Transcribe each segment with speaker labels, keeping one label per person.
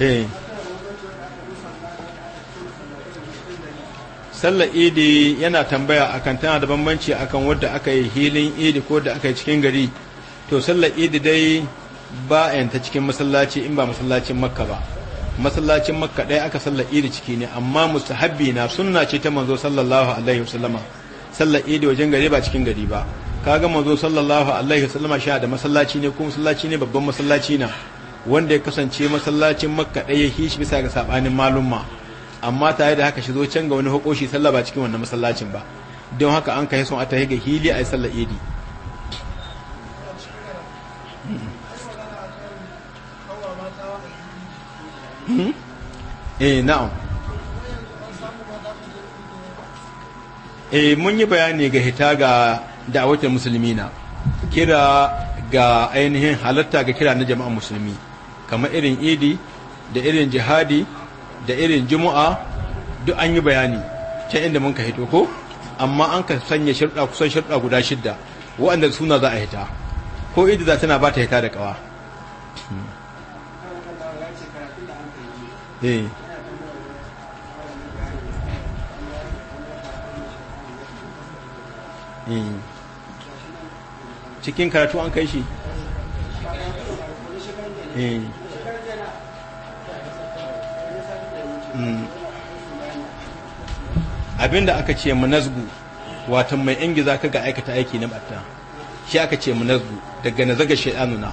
Speaker 1: Eh. sallar idi yana tambaya akan tana da bambanci akan wadda aka yi hilin idi ko da aka yi cikin gari to sallar idi dai ba yanta cikin masallaci in ba masallacin makka ba masallacin makka ɗaya aka sallar idi ciki ne amma mustahabbi na suna ce ta manzo sallallahu alaihi wasallama sallar idi wajen gari ba cikin gari ba kaga manzo sallallahu alaihi wasallama sha da masallaci ne kuma masallaci ne babban masallaci na wanda ya kasance masallacin makka ɗaya ya shi bisa ga sabanin malumma amma tare da haka shi zo can ga wani hukoshi sallah ba cikin wannan masallacin ba don haka an kai son a ga hili a yi sallar idi hmm? eh, eh mun yi bayani ga hita ga musulmi na kira ga ainihin halatta ga kira na jama'an musulmi kamar irin idi da irin jihadi da irin juma'a duk an yi bayani ta inda mun ka hito ko amma an ka sanya shirɗa kusan shirɗa guda shidda waɗanda suna za a hita ko idi za tana ba ta hita da kawa Mm. Eh. Hmm. cikin karatu an kai shi eh. hmm. abinda aka ce munazgu watan mai ingiza ka ga aikata aiki na batta shi aka ce munazgu daga na zaga shay'anuna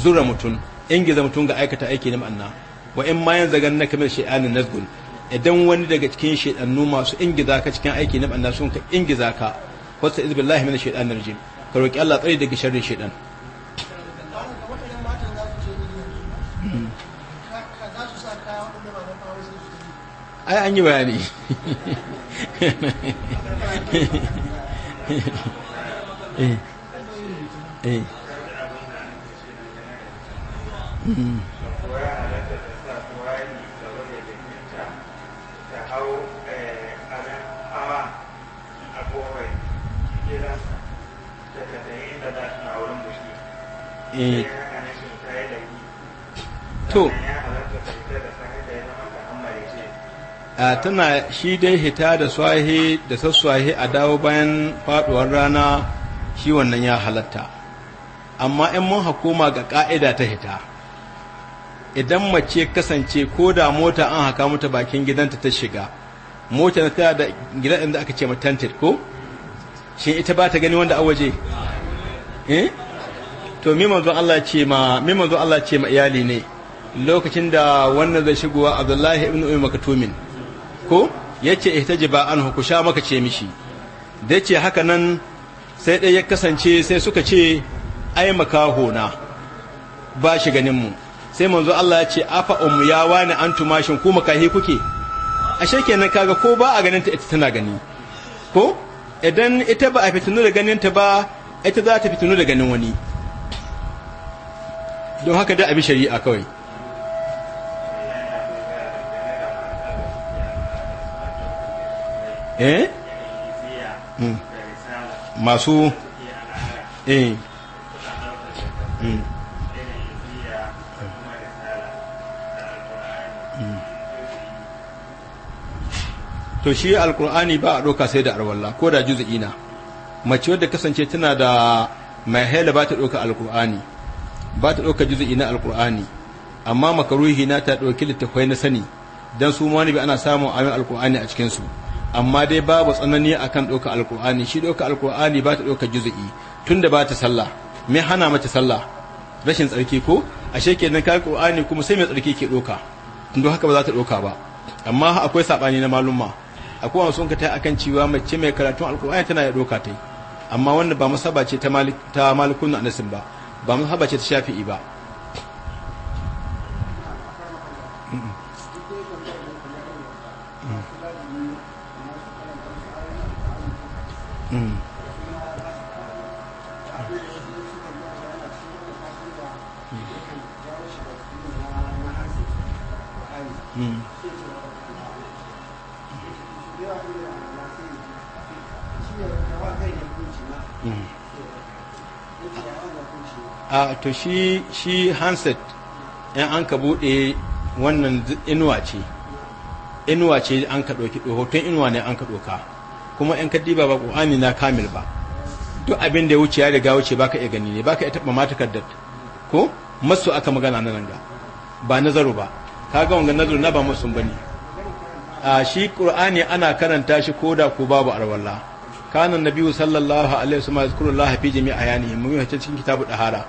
Speaker 1: zura mutum ingiza mutum ga aikata aiki na batta wa in ma yanzu na kamar shaɗanun nazgun idan wani daga cikin shaɗannu masu ingiza ka cikin aiki na batta sun ka ingiza ka wasu izbillahi min shaɗanun rajim ka roƙi Allah tsari daga sharrin shaidan ai an yi bayani eh eh hmm. Eh. to a tana shi dai hita da swahi da sasswahi a dawo bayan faduwar rana shi wannan ya halatta amma in mun hakoma ga ka'ida ta hita idan mace kasance ko da mota an haka mata bakin gidanta ta shiga mota na tana da gidan da aka ce matantit ko shi ita ba ta gani wanda a waje eh to mi Allah ce ma ce ma iyali ne lokacin da wannan zai shigowa Abdullahi ibn umar katumin ko yace ihtajiba anhu ku sha maka ce mishi da yace haka nan sai dai ya kasance sai suka ce ai makaho na ba shi ganin mu sai manzo Allah ya ce afa ummu ya wani antuma shin ku makahi kuke ashe kenan kaga ko ba a ganin ita tana gani ko idan ita ba a fitinu da ganin ba ita za ta fitinu da ganin wani don haka da abi shari'a kawai eh hmm. masu eh hmm. to shi alkur'ani ba a ɗauka sai da arwalla ko da juzu'ina mace wadda kasance tana da mai haila ba ta ɗauka alkur'ani ba ta ɗauka juzu'i na alkur'ani amma makaruhi na ta ɗauki littafai na sani don su ma bi ana samun amin alkur'ani a cikinsu amma dai babu tsanani akan ɗauka alkur'ani shi ɗauka alkur'ani ba ta ɗauka juzu'i tun da ba ta sallah me hana mata sallah rashin tsarki ko ashe na ka alkur'ani kuma sai mai tsarki ke ɗauka don haka ba za ta ɗauka ba amma akwai saɓani na malumma akwai wasu sun ka ta akan cewa mace mai karatun alkur'ani tana ya ɗauka ta amma wannan ba masaba ce ta malikun na anasin ba ba mazhaba ce ta shafi'i ba mm a to shi shi handset yan an ka bude wannan inuwa ce inuwa ce an ka ɗauki hoton inuwa ne an ka ɗauka kuma yan kadiba ba ƙu'ani na kamil ba duk abin da ya wuce ya riga wuce baka iya gani ne baka iya taɓa matakar da ko masu aka magana na nan ga ba nazaru ba ka ga wanga nazaru na ba masu bane a shi ƙur'ani ana karanta shi koda ko babu arwallah kanan nabiyyu sallallahu alaihi wasallam yazkuru Allah fi jami'i ayani mun yi cikin kitabu dahara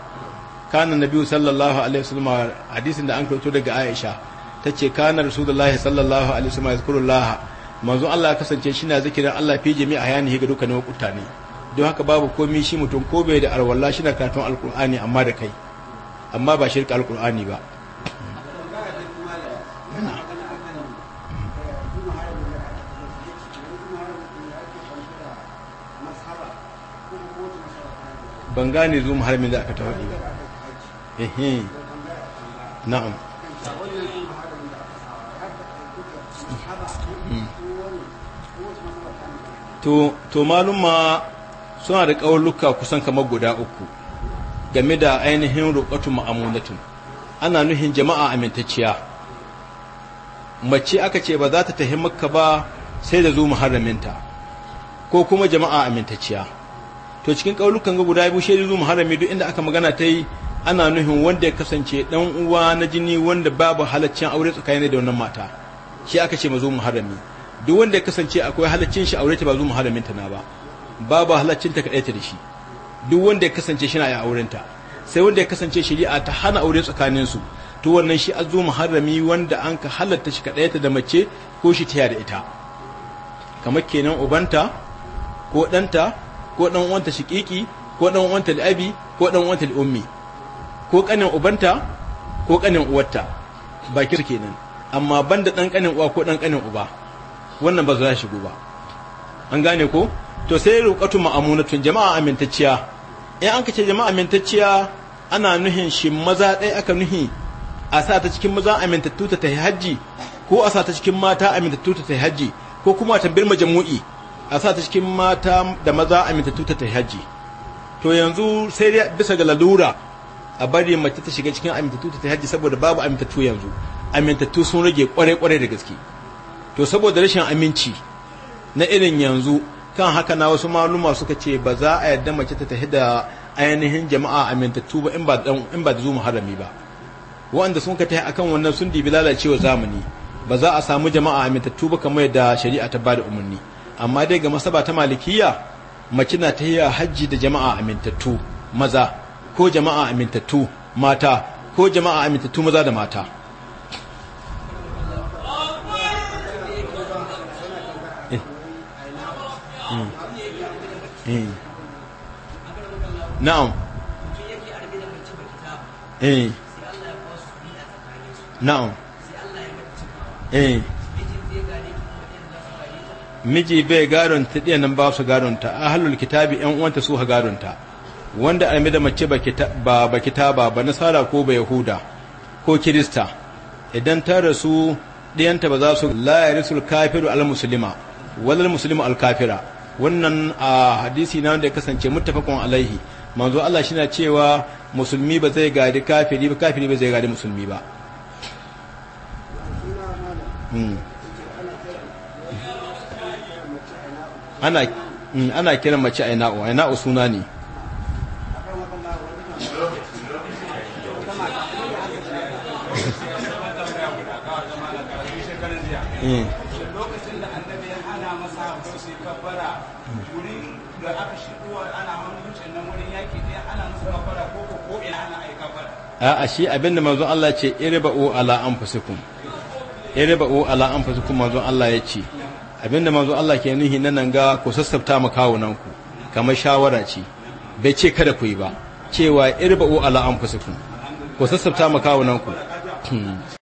Speaker 1: kana nabiyyu sallallahu alaihi wasallam hadisin da an karanto daga Aisha tace kana rasulullahi sallallahu alaihi wasallam yazkuru Allah manzon Allah ya kasance shi na zikirin Allah fi jami'i ayani ga dukkanin wakuta ne don haka babu komai shi mutum ko bai da alwala shi na karatun alqur'ani amma da kai amma ba shirka alqur'ani ba ban gane zuwa muharmin da aka ta faɗi ba na'am to malumma suna da ƙaunuka kusan kamar guda uku game da ainihin roƙatu ma'amunatun ana nuhin jama'a amintacciya mace aka ce ba za ta tahi ba sai da zuwa harminta ko kuma jama'a amintacciya to cikin kaulukan guda biyu shaidu zu harami duk inda aka magana ta yi ana nuhin wanda ya kasance dan uwa na jini wanda babu halaccin aure tsakanin da wannan mata shi aka ce mazu muharrami duk wanda ya kasance akwai halaccin shi aure ta ba zu muharramin ta na ba babu halaccin ta kaɗai ta da shi duk wanda ya kasance shi na ya auren ta sai wanda ya kasance shari'a ta hana aure tsakanin su to wannan shi azu muharrami wanda an ka halatta shi kaɗai ta da mace ko shi ta da ita kamar kenan ubanta ko danta. ko dan uwanta shiqiqi ko dan uwanta al'abi ko dan uwanta al'ummi ko kanin ubanta ko kanin uwarta bakin kenan amma banda dan kanin uwa ko dan kanin uba wannan ba za shigo ba an gane ko to sai ruqatu ma'amunatun jama'a amintacciya in an kace jama'a amintacciya ana nuhin shi maza ɗaya aka nuhi a sa ta cikin maza amintattu ta tahi hajji ko a sa ta cikin mata amintattu ta tahi hajji ko kuma tambayar majamu'i a sa ta cikin mata da maza amintattu ta ta hajji to yanzu sai dai bisa ga lalura a bari mace ta shiga cikin amintattu ta hajji saboda babu amintattu yanzu amintattu sun rage kwarai-kwarai da gaske to saboda rashin aminci na irin yanzu kan haka na wasu maluma suka ce ba za a yarda mace ta tafi da ainihin jama'a amintattu ba in ba da zuwa harami ba wanda sun ka tafi akan wannan sun dibi lalacewa zamani ba za a samu jama'a amintattu ba kamar yadda shari'a ta bada umarni amma dai ga masaba ta malikiya mace na ta yi hajji da jama'a amintattu maza ko jama'a amintattu mata ko jama'a amintattu maza da mata na'am eh. hmm. eh. na'am eh, eh. miji bai gadon ta ɗiyan nan ba su gadon ta a halul kitabi ɗan uwanta su ha gadon ta wanda almi da mace ba ba kitaba ba nasara ko ba yahuda ko kirista idan ta rasu ta ba za su la yarisul kafiru al muslima wal muslimu al kafira wannan a hadisi na wanda ya kasance muttafaqun alaihi manzo Allah shi na cewa musulmi ba zai gadi kafiri ba kafiri ba zai gadi musulmi ba hmm. ana mm, ana kiran mace aina'u aina'u suna ne eh. lokacin shi abinda mazu Allah ce iriba'u ala fasikun irba'u Allah ya ce abinda manzo Allah ke nuhi na nan ga ku sassafta ma kawunan ku kamar shawara ce bai ce kada ku yi ba cewa irba'u ala anfusikum ku sassafta makawunanku. kawunan hmm. ku